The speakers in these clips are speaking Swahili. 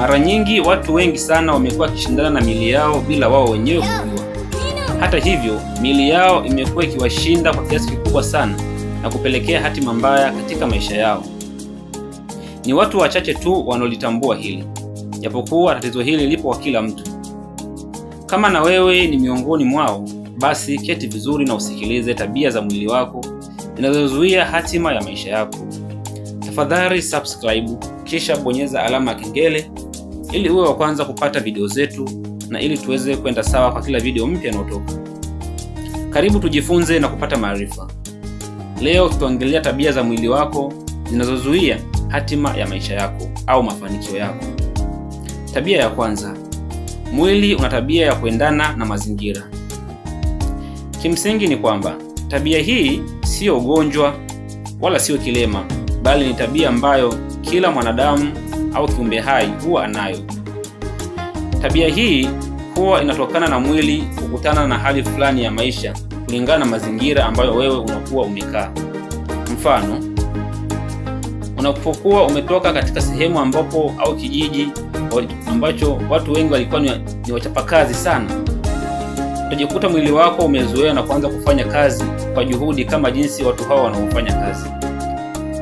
Mara nyingi watu wengi sana wamekuwa wakishindana na miili yao bila wao wenyewe kujua. Hata hivyo, miili yao imekuwa ikiwashinda kwa kiasi kikubwa sana na kupelekea hatima mbaya katika maisha yao. Ni watu wachache tu wanaolitambua hili, japokuwa tatizo hili lipo kwa kila mtu. Kama na wewe ni miongoni mwao, basi keti vizuri na usikilize tabia za mwili wako zinazozuia hatima ya maisha yako. Tafadhali subscribe kisha bonyeza alama ya kengele ili uwe wa kwanza kupata video zetu na ili tuweze kwenda sawa kwa kila video mpya inayotoka. Karibu tujifunze na kupata maarifa. Leo tutaongelea tabia za mwili wako zinazozuia hatima ya maisha yako au mafanikio yako. Tabia ya kwanza, mwili una tabia ya kuendana na mazingira. Kimsingi ni kwamba tabia hii siyo ugonjwa wala siyo kilema, bali ni tabia ambayo kila mwanadamu au kiumbe hai huwa anayo. Tabia hii huwa inatokana na mwili kukutana na hali fulani ya maisha kulingana na mazingira ambayo wewe unakuwa umekaa. Mfano, unapokuwa umetoka katika sehemu ambapo au kijiji ambacho watu wengi walikuwa ni wachapakazi sana, utajikuta mwili wako umezoea na kuanza kufanya kazi kwa juhudi kama jinsi watu hao wanaofanya kazi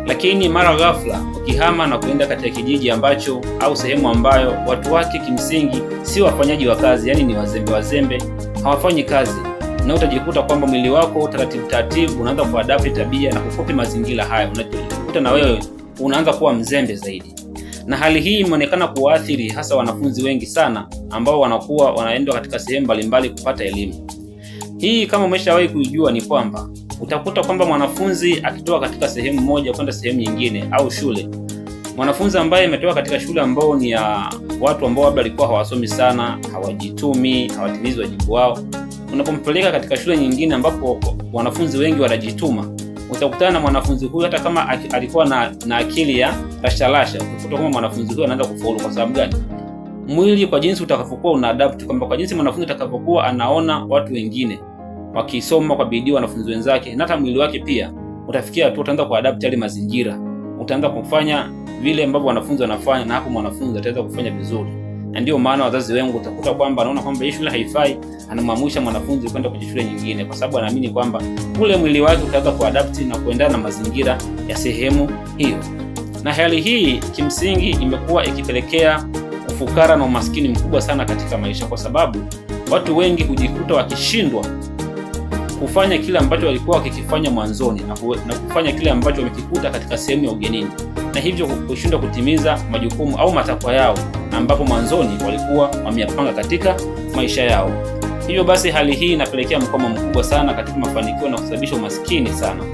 lakini mara ghafla wakihama na kuenda katika kijiji ambacho au sehemu ambayo watu wake kimsingi si wafanyaji wa kazi, yaani ni wazembe wazembe, hawafanyi kazi, na utajikuta kwamba mwili wako taratibu taratibu unaanza kuadapti tabia na kukopi mazingira hayo, unajikuta na wewe unaanza kuwa mzembe zaidi, na hali hii imeonekana kuwaathiri hasa wanafunzi wengi sana ambao wanakuwa wanaenda katika sehemu mbalimbali kupata elimu. Hii kama umeshawahi kuijua ni kwamba Utakuta kwamba mwanafunzi akitoka katika sehemu moja kwenda sehemu nyingine au shule, mwanafunzi ambaye ametoka katika shule ambao ni ya watu ambao labda walikuwa hawasomi sana, hawajitumi, hawatimizi wajibu wao, unapompeleka katika shule nyingine ambapo wanafunzi wengi wanajituma, utakutana na mwanafunzi huyu, hata kama alikuwa na, na akili ya rasharasha, utakuta kwamba mwanafunzi huyu anaanza kufaulu. Kwa sababu gani? Mwili kwa jinsi utakavyokuwa una adapt, kwamba kwa jinsi mwanafunzi atakavyokuwa anaona watu wengine wakisoma kwa bidii wanafunzi wenzake na hata mwili wake pia utafikia hatua utaanza kuadapt yale mazingira, utaanza kufanya vile ambavyo wanafunzi wanafanya, na hapo mwanafunzi ataweza kufanya vizuri. Na ndio maana wazazi wengi utakuta kwamba anaona kwamba hii shule haifai, anamwamsha mwanafunzi kwenda kwenye shule nyingine, kwa sababu anaamini kwamba kule mwili wake utaweza kuadapt na kuendana na mazingira ya sehemu hiyo. Na hali hii kimsingi imekuwa ikipelekea ufukara na umaskini mkubwa sana katika maisha, kwa sababu watu wengi hujikuta wakishindwa kufanya kile ambacho walikuwa wakikifanya mwanzoni na kufanya kile ambacho wamekikuta katika sehemu ya ugenini, na hivyo kushindwa kutimiza majukumu au matakwa yao ambapo mwanzoni walikuwa wameyapanga katika maisha yao. Hivyo basi, hali hii inapelekea mkwamo mkubwa sana katika mafanikio na kusababisha umaskini sana,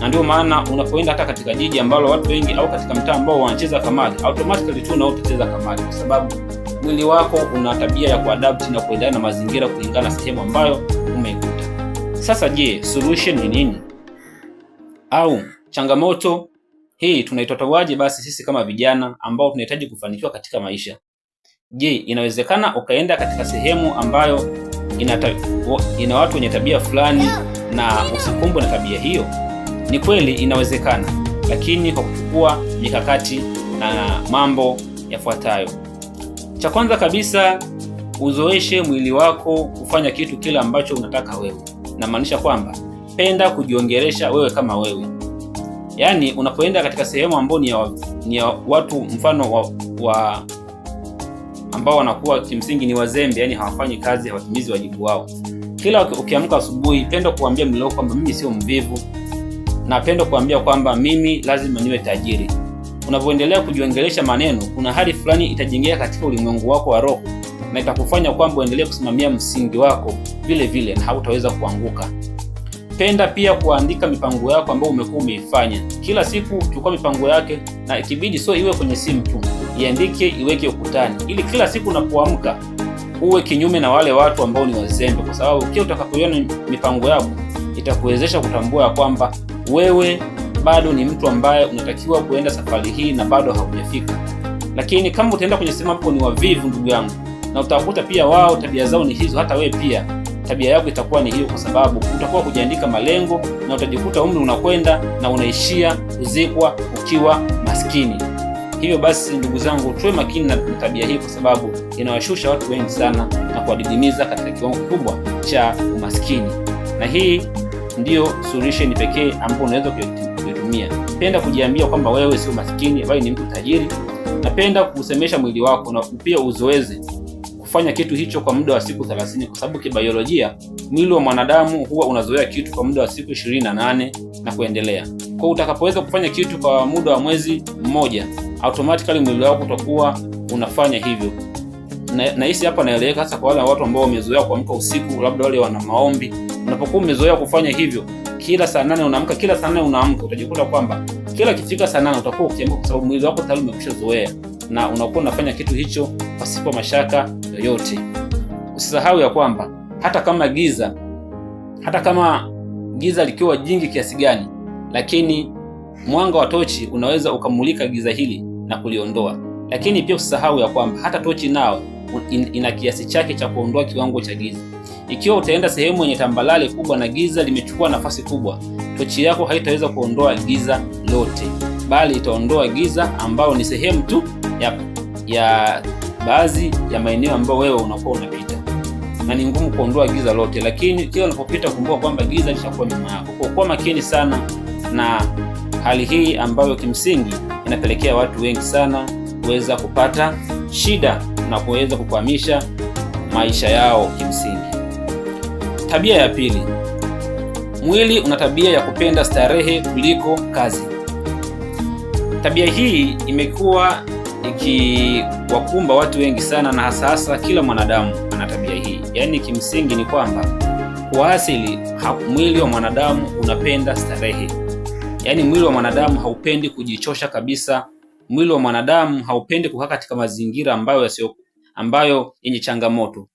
na ndio maana unapoenda hata katika jiji ambalo watu wengi au katika mtaa ambao wanacheza kamari, automatically tu nao utacheza kamari kwa sababu mwili wako una tabia ya kuadapt na kuendana na mazingira kulingana na sehemu ambayo umekuwa. Sasa je, solution ni nini? Au changamoto hii tunaitatuaje basi sisi kama vijana ambao tunahitaji kufanikiwa katika maisha? Je, inawezekana ukaenda katika sehemu ambayo inata, ina watu wenye tabia fulani na usikumbwe na tabia hiyo? Ni kweli inawezekana, lakini kwa kuchukua mikakati na mambo yafuatayo. Cha kwanza kabisa, uzoeshe mwili wako kufanya kitu kile ambacho unataka wewe namaanisha kwamba penda kujiongelesha wewe kama wewe, yaani unapoenda katika sehemu ambayo ni ni ya watu mfano wa, wa ambao wanakuwa kimsingi ni wazembe, yani hawafanyi kazi, hawatimizi wajibu wao. Kila ukiamka asubuhi, penda kuambia mlio kwamba mimi sio mvivu, na penda kuambia kwamba mimi lazima niwe tajiri. Unavyoendelea kujiongelesha maneno, kuna hali fulani itajengea katika ulimwengu wako wa roho na itakufanya kwamba uendelee kusimamia msingi wako vile vile na hautaweza kuanguka. Penda pia kuandika mipango yako ambayo umekuwa umeifanya kila siku. Chukua mipango yake na ikibidi, sio iwe kwenye simu tu, iandike, iweke ukutani, ili kila siku unapoamka uwe kinyume na wale watu ambao ni wazembe, kwa sababu kila utakapoiona mipango yako itakuwezesha kutambua ya kwamba wewe bado ni mtu ambaye unatakiwa kuenda safari hii na bado haujafika. Lakini kama utaenda kwenye simu hapo ni wavivu, ndugu yangu na utakuta pia wao tabia zao ni hizo, hata wewe pia tabia yako itakuwa ni hiyo, kwa sababu utakuwa kujiandika malengo na utajikuta umri unakwenda na unaishia kuzikwa ukiwa maskini. Hivyo basi, ndugu zangu, tuwe makini na tabia hii, kwa sababu inawashusha watu wengi sana na kuwadidimiza katika kiwango kikubwa cha umaskini, na hii ndiyo solution pekee ambayo unaweza kuitumia. Penda kujiambia kwamba wewe sio maskini, bali ni mtu tajiri. Napenda kusemesha mwili wako na pia uzoeze kufanya kitu hicho kwa muda wa siku 30 kwa sababu kibiolojia mwili wa mwanadamu huwa unazoea kitu kwa muda wa siku 28 na kuendelea. Kwa utakapoweza kufanya kitu kwa muda wa mwezi mmoja, automatically mwili wako utakuwa unafanya hivyo. Nahisi na hapa naeleweka hasa kwa wale watu ambao wamezoea kuamka usiku, labda wale wana maombi. Unapokuwa umezoea kufanya hivyo kila saa nane unaamka, kila saa nane unaamka, utajikuta kwamba kila kifika saa nane utakuwa ukiamka, kwa sababu mwili wako tayari umekwishazoea na unakuwa unafanya kitu hicho pasipo mashaka yoyote. Usisahau ya kwamba hata kama giza hata kama giza likiwa jingi kiasi gani, lakini mwanga wa tochi unaweza ukamulika giza hili na kuliondoa. Lakini pia usisahau ya kwamba hata tochi nao ina kiasi chake cha kuondoa kiwango cha giza. Ikiwa utaenda sehemu yenye tambalale kubwa na giza limechukua nafasi kubwa, tochi yako haitaweza kuondoa giza lote bali itaondoa giza ambao ni sehemu tu ya, ya baadhi ya maeneo ambayo wewe unakuwa unapita, na ni ngumu kuondoa giza lote, lakini kila unapopita kumbuka kwamba giza lishakuwa nyuma yako. Kwa kuwa makini sana na hali hii ambayo kimsingi inapelekea watu wengi sana kuweza kupata shida na kuweza kukwamisha maisha yao kimsingi. Tabia ya pili, mwili una tabia ya kupenda starehe kuliko kazi. Tabia hii imekuwa ikiwakumba watu wengi sana, na hasa hasa kila mwanadamu ana tabia hii. Yaani kimsingi ni kwamba kwa asili mwili wa mwanadamu unapenda starehe, yaani mwili wa mwanadamu haupendi kujichosha kabisa. Mwili wa mwanadamu haupendi kukaa katika mazingira ambayo yasiyo ambayo yenye changamoto,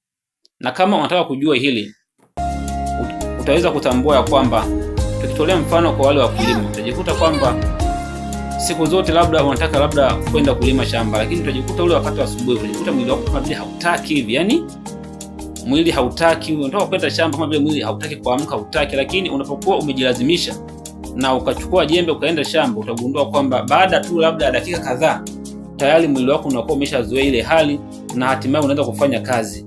na kama unataka kujua hili utaweza kutambua ya kwamba tukitolea mfano kwa wale wakulima utajikuta kwamba siku zote labda unataka labda kwenda kulima shamba, lakini utajikuta ule wakati wa asubuhi unajikuta mwili wako kama vile hautaki hivi, yani mwili hautaki, unataka kwenda shamba kama vile mwili hautaki kuamka, hautaki. Lakini unapokuwa umejilazimisha na ukachukua jembe ukaenda shamba, utagundua kwamba baada tu labda ya dakika kadhaa tayari mwili wako unakuwa umeshazoea ile hali na hatimaye unaweza kufanya kazi.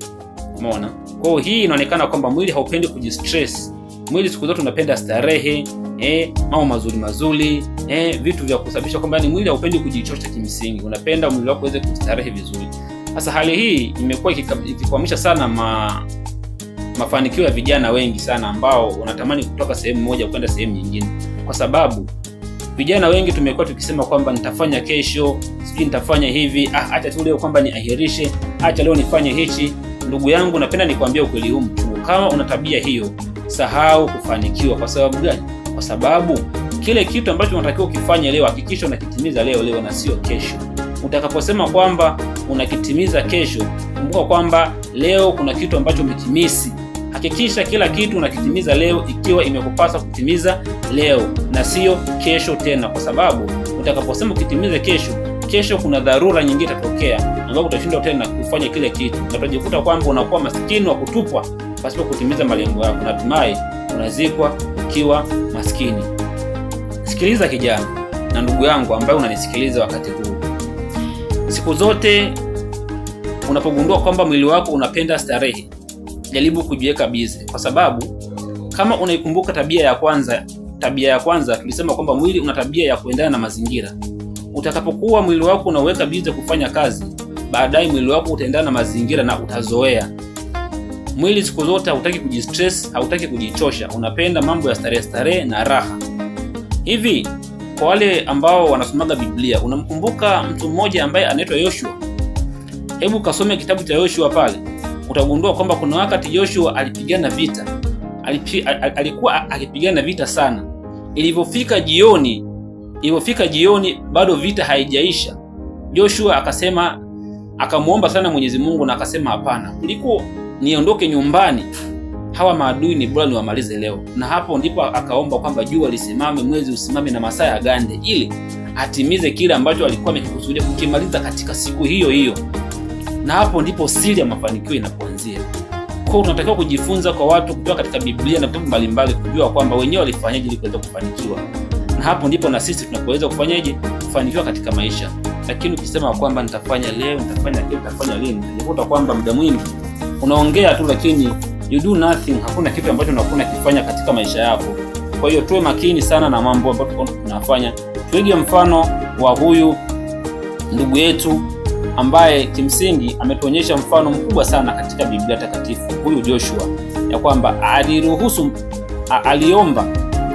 Umeona? Kwa hiyo hii inaonekana kwamba mwili haupendi kujistress Mwili siku zote unapenda starehe eh, mambo mazuri mazuri eh, vitu vya kusababisha kwamba ni mwili haupendi kujichosha kimsingi, unapenda mwili wako uweze kustarehe vizuri. Sasa hali hii imekuwa ikikwamisha sana ma, mafanikio ya vijana wengi sana ambao wanatamani kutoka sehemu moja kwenda sehemu nyingine, kwa sababu vijana wengi tumekuwa tukisema kwamba nitafanya kesho, sijui nitafanya hivi, ah, acha tu leo kwamba niahirishe, acha leo nifanye hichi. Ndugu yangu, napenda nikwambie ukweli huu mchungu, kama una tabia hiyo sahau kufanikiwa. Kwa sababu gani? Kwa sababu kile kitu ambacho unatakiwa ukifanye leo, hakikisha unakitimiza leo leo na sio kesho. Utakaposema kwamba unakitimiza kesho, kumbuka kwamba leo kuna kitu ambacho umetimisi. Hakikisha kila kitu unakitimiza leo, ikiwa imekupasa kutimiza leo na sio kesho tena, kwa sababu utakaposema ukitimize kesho, kesho kuna dharura nyingine itatokea ambapo utashindwa tena kufanya kile kitu, na utajikuta kwamba unakuwa maskini wa kutupwa pasipo kutimiza malengo yako, na hatimaye unazikwa ukiwa maskini. Sikiliza kijana na ndugu yangu ambaye unanisikiliza wakati huu, siku zote unapogundua kwamba mwili wako unapenda starehe, jaribu kujiweka bize, kwa sababu kama unaikumbuka tabia ya kwanza, tabia ya kwanza tulisema kwamba mwili una tabia ya kuendana na mazingira. Utakapokuwa mwili wako unaweka bize kufanya kazi, baadaye mwili wako utaendana na mazingira na utazoea Mwili siku zote hautaki kujistress, hautaki kujichosha, unapenda mambo ya starehe starehe na raha. Hivi kwa wale ambao wanasomaga Biblia, unamkumbuka mtu mmoja ambaye anaitwa Yoshua? Hebu kasome kitabu cha Yoshua pale, utagundua kwamba kuna wakati Yoshua alipigana vita, alipi, al, alikuwa akipigana vita sana. Ilivyofika jioni, ilivyofika jioni, bado vita haijaisha. Joshua akasema, akamwomba sana Mwenyezi Mungu na akasema hapana, kuliko niondoke nyumbani, hawa maadui ni bora niwamalize leo. Na hapo ndipo akaomba kwamba jua lisimame, mwezi usimame na masaa ya gande, ili atimize kile ambacho alikuwa amekusudia kukimaliza katika siku hiyo hiyo. Na hapo ndipo siri ya mafanikio inapoanzia. Kwa unatakiwa kujifunza kwa watu kutoka katika Biblia na vitabu mbalimbali, kujua kwamba wenyewe walifanyaje ili kuweza kufanikiwa, na hapo ndipo na sisi tunapoweza kufanyaje kufanikiwa katika maisha. Lakini ukisema kwamba nitafanya leo, nitafanya leo, nitafanya leo, utakuta kwamba muda mwingi unaongea tu, lakini you do nothing. Hakuna kitu ambacho unakuwa kifanya katika maisha yako. Kwa hiyo tuwe makini sana na mambo ambayo tunafanya, tuige mfano wa huyu ndugu yetu ambaye kimsingi ametuonyesha mfano mkubwa sana katika Biblia Takatifu, huyu Joshua, ya kwamba aliruhusu, aliomba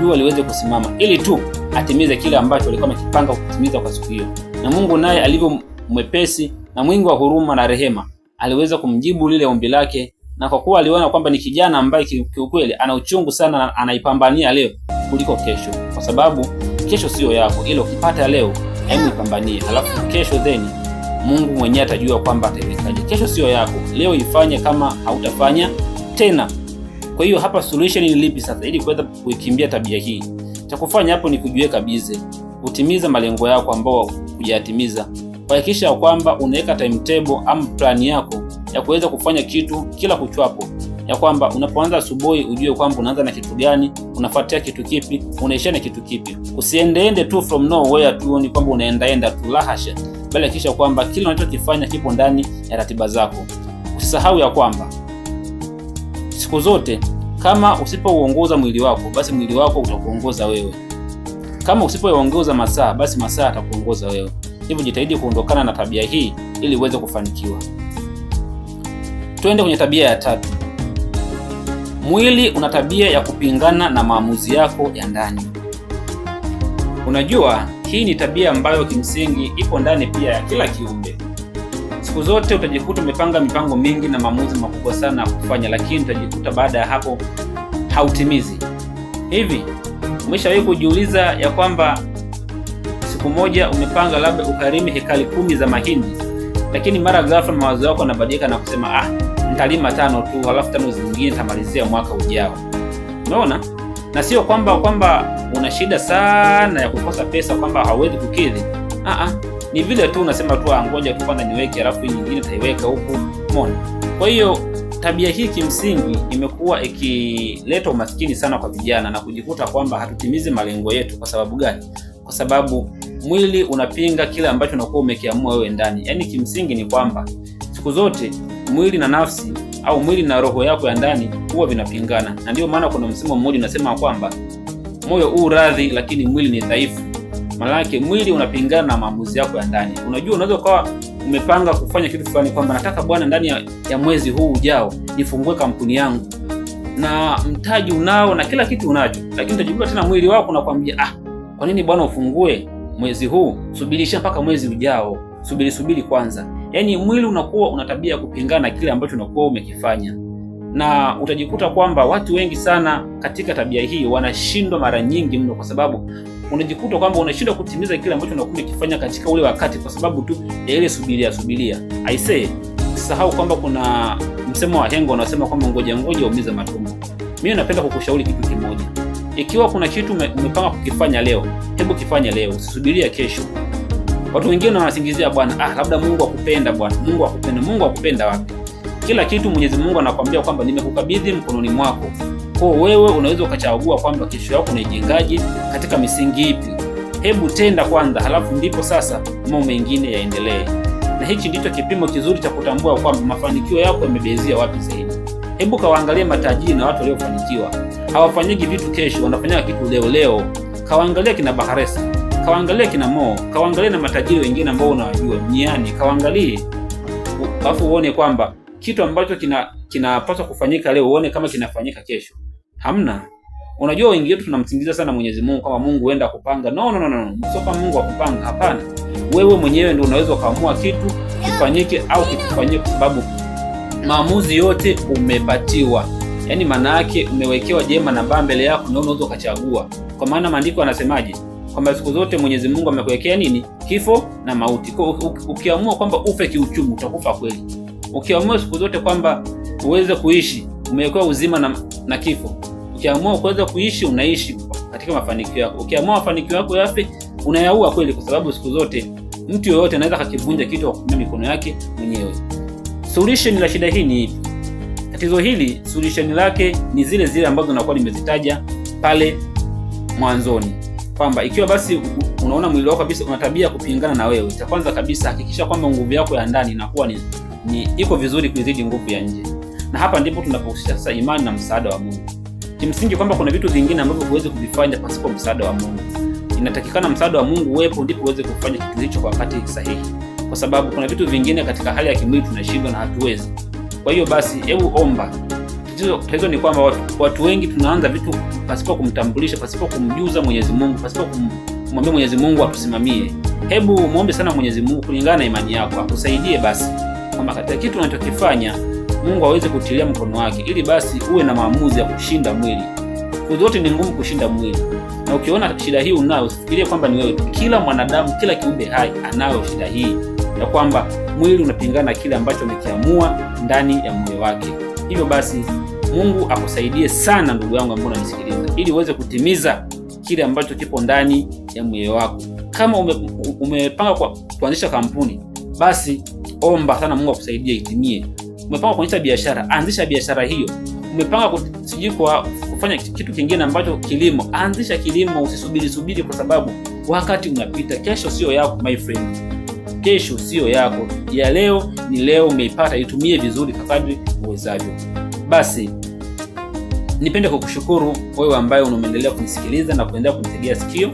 jua liweze kusimama ili tu atimize kile ambacho alikuwa amekipanga kutimiza kwa siku hiyo, na Mungu naye alivyo mwepesi na mwingi wa huruma na rehema aliweza kumjibu lile ombi lake, na kwa kuwa aliona kwamba ni kijana ambaye kiukweli ana uchungu sana anaipambania leo kuliko kesho, kwa sababu kesho siyo yako, ila ukipata leo, hebu ipambanie, alafu kesho then Mungu mwenyewe atajua kwamba ataiwekaje. Kesho siyo yako, leo ifanye, kama hautafanya tena. Kwa hiyo hapa solution ni lipi sasa, ili kuweza kuikimbia tabia hii? Cha kufanya hapo ni kujiweka bize, kutimiza malengo yako ambao hujayatimiza. Hakikisha ya kwamba unaweka timetable ama plan yako ya kuweza kufanya kitu kila kuchwapo, ya kwamba unapoanza asubuhi ujue kwamba unaanza na kitu gani, unafuatia kitu kipi, unaishia na kitu kipi. Usiendeende tu from nowhere tu, ni kwamba unaendaenda tu, la hasha, bali hakikisha kwamba kila unachokifanya kipo ndani ya ratiba zako. Usisahau ya kwamba siku zote kama usipouongoza mwili wako, basi mwili wako utakuongoza wewe. Kama usipoongoza masaa, basi masaa atakuongoza wewe hivyo jitahidi kuondokana na tabia hii ili uweze kufanikiwa. tuende kwenye tabia ya tatu. Mwili una tabia ya kupingana na maamuzi yako ya ndani. Unajua, hii ni tabia ambayo kimsingi ipo ndani pia ya kila kiumbe. Siku zote utajikuta umepanga mipango mingi na maamuzi makubwa sana ya kufanya, lakini utajikuta baada ya hapo hautimizi. Hivi umeshawahi kujiuliza ya kwamba siku moja umepanga labda ukarimi hekali kumi za mahindi, lakini mara ghafla mawazo yako yanabadilika na kusema ah, nitalima tano tu, halafu tano zingine tamalizia mwaka ujao. Umeona? Na sio kwamba kwamba una shida sana ya kukosa pesa, kwamba hauwezi kukidhi. Ah ah, ni vile tu unasema tu angoja ah, tu kwanza niweke, halafu nyingine taiweka huku. Umeona? Kwa hiyo tabia hii kimsingi imekuwa ikileta umaskini sana kwa vijana na kujikuta kwamba hatutimizi malengo yetu. Kwa sababu gani? Kwa sababu mwili unapinga kile ambacho unakuwa umekiamua wewe ndani. Yaani kimsingi ni kwamba siku zote mwili na nafsi au mwili na roho yako ya ndani huwa vinapingana, na ndio maana kuna msemo mmoja unasema kwamba moyo u radhi, lakini mwili ni dhaifu. Maanake mwili unapingana na maamuzi yako ya ndani. Unajua, unaweza ukawa umepanga kufanya kitu fulani kwamba nataka bwana, ndani ya, ya mwezi huu ujao nifungue kampuni yangu, na mtaji unao na kila kitu unacho, lakini utajikuta tena mwili wako unakwambia ah, kwa nini bwana ufungue mwezi huu, subirisha mpaka mwezi ujao. Subiri subiri kwanza. Yaani mwili unakuwa una tabia ya kupingana na kile ambacho unakuwa umekifanya, na utajikuta kwamba watu wengi sana katika tabia hii wanashindwa mara nyingi mno, kwa sababu unajikuta kwamba unashindwa kutimiza kile ambacho unakuwa umekifanya katika ule wakati, kwa sababu tu ya ile subiria subiria. say sahau kwamba kuna msemo wa hengo unasema kwamba ngoja ngoja umeza matumbo. Mimi napenda kukushauri kitu kimoja. Ikiwa kuna kitu umepanga kukifanya leo, hebu kifanye leo, usisubiria kesho. Watu wengine wanasingizia bwana, ah, labda Mungu akupenda bwana, Mungu akupenda. Mungu akupenda wapi? Kila kitu Mwenyezi Mungu anakuambia kwamba nimekukabidhi mkononi mwako. Kwa wewe unaweza ukachagua kwamba kesho yako unaijengaje, katika misingi ipi. Hebu tenda kwanza, halafu ndipo sasa mambo mengine yaendelee. Na hichi ndicho kipimo kizuri cha kutambua kwamba mafanikio yako yamebezia wapi zaidi. Hebu kawaangalie matajiri na watu waliofanikiwa hawafanyiki vitu kesho, wanafanya kitu leo leo. Kawaangalia kina Baharesa, kawaangalia kina Mo, kawaangalia na matajiri wengine ambao unawajua mniani, kawaangalie alafu uone kwamba kitu ambacho kina kinapaswa kufanyika leo uone kama kinafanyika kesho. Hamna. Unajua wengi wetu tunamsingiza sana Mwenyezi Mungu kama Mungu huenda kupanga. No, no, no, no. Sio kama Mungu akupanga, hapana. Wewe mwenyewe ndio unaweza kuamua kitu kifanyike au kifanyike kwa sababu maamuzi yote umepatiwa. Yaani maana yake umewekewa jema na baya mbele yako, na unaweza ukachagua. Kwa maana maandiko yanasemaje? Kwamba siku zote Mwenyezi Mungu amekuwekea nini? Kifo na mauti. Kwa ukiamua kwamba ufe kiuchumi, utakufa kweli. Ukiamua siku zote kwamba uweze kuishi, umewekewa uzima na, na kifo. Ukiamua kuweza kuishi, unaishi katika mafanikio yako. Ukiamua mafanikio yako yafe, unayaua kweli, kwa sababu siku zote mtu yoyote anaweza kakivunja kitu kwa mikono yake mwenyewe. Solution la shida hii ni ipi? Tatizo hili solution lake ni zile zile ambazo nakuwa nimezitaja pale mwanzoni, kwamba ikiwa basi unaona mwili wako kabisa una tabia kupingana na wewe, cha kwanza kabisa hakikisha kwamba nguvu yako ya ndani inakuwa ni, ni iko vizuri kuizidi nguvu ya nje, na hapa ndipo tunapohusisha sasa imani na msaada wa Mungu. Kimsingi kwamba kuna vitu vingine ambavyo huwezi kuvifanya pasipo msaada wa Mungu. Inatakikana msaada wa Mungu uwepo, ndipo uweze kufanya kitu hicho kwa wakati sahihi, kwa sababu kuna vitu vingine katika hali ya kimwili tunashindwa na hatuwezi kwa hiyo basi, hebu omba. Tatizo ni kwamba watu, watu wengi tunaanza vitu pasipo kumtambulisha, pasipo kumjuza Mwenyezi Mungu, pasipo kumwambia Mwenyezi Mungu atusimamie. Hebu muombe sana Mwenyezi Mungu kulingana na imani yako akusaidie basi, kwamba katika kitu unachokifanya Mungu aweze kutilia mkono wake, ili basi uwe na maamuzi ya kushinda mwili. kuzote ni ngumu kushinda mwili, na ukiona shida hii unayo, usifikirie kwamba ni wewe. Kila mwanadamu, kila kiumbe hai anayo shida hii ya kwamba mwili unapingana na kile ambacho umekiamua ndani ya moyo wake. Hivyo basi, Mungu akusaidie sana ndugu yangu ambaye unanisikiliza, ili uweze kutimiza kile ambacho kipo ndani ya moyo wako. Kama ume, umepanga kwa kuanzisha kampuni, basi omba sana Mungu akusaidie itimie. Umepanga kuanzisha biashara, anzisha biashara hiyo. Umepanga sijui kwa kufanya kitu kingine ambacho kilimo, anzisha kilimo. Usisubiri subiri, kwa sababu wakati unapita, kesho sio yako, my friend. Kesho siyo yako, ya leo ni leo, umeipata itumie vizuri kadri uwezavyo. Basi nipende kukushukuru wewe ambaye unaendelea kunisikiliza na kuendelea kunitegea sikio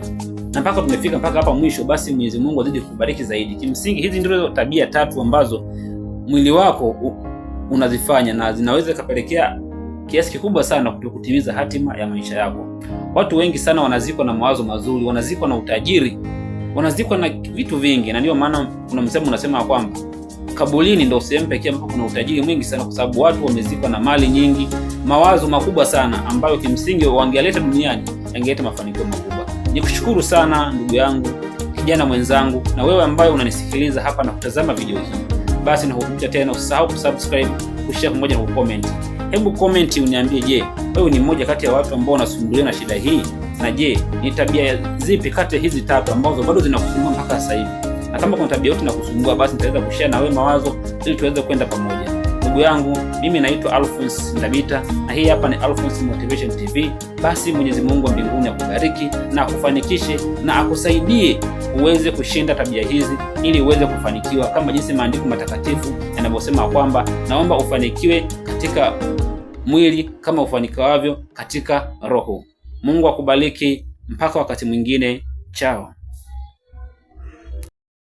na mpaka tumefika mpaka hapa mwisho, basi Mwenyezi Mungu azidi kukubariki zaidi. Kimsingi, hizi ndizo tabia tatu ambazo mwili wako unazifanya na zinaweza kapelekea kiasi kikubwa sana kutokutimiza hatima ya maisha yako. Watu wengi sana wanazikwa na mawazo mazuri, wanazikwa na utajiri wanazikwa na vitu vingi, na ndio maana kuna msemo unasema kwamba kaburini ndio sehemu pekee ambapo kuna utajiri mwingi sana, kwa sababu watu wamezikwa na mali nyingi, mawazo makubwa sana, ambayo kimsingi wangeleta duniani yangeleta mafanikio makubwa. Nikushukuru sana ndugu yangu kijana mwenzangu, na wewe ambaye unanisikiliza hapa na kutazama video hii, basi nakukumbusha tena, usisahau kusubscribe, kushare pamoja na kucomment. Hebu comment uniambie, je, wewe ni mmoja kati ya watu ambao wanasumbuliwa na shida hii? na je, ni tabia zipi kati ya hizi tatu ambazo bado zinakusumbua mpaka sasa hivi? Na kama kuna tabia yote inakusumbua, basi nitaweza kushare na wewe mawazo ili tuweze kwenda pamoja. Ndugu yangu, mimi naitwa Alphonce Ndabita na hii hapa ni Alphonce Motivation TV. Basi Mwenyezi Mungu wa mbinguni akubariki na akufanikishe na akusaidie uweze kushinda tabia hizi ili uweze kufanikiwa, kama jinsi maandiko matakatifu yanavyosema kwamba naomba ufanikiwe katika mwili kama ufanikiwavyo katika roho. Mungu akubariki wa mpaka wakati mwingine, chao.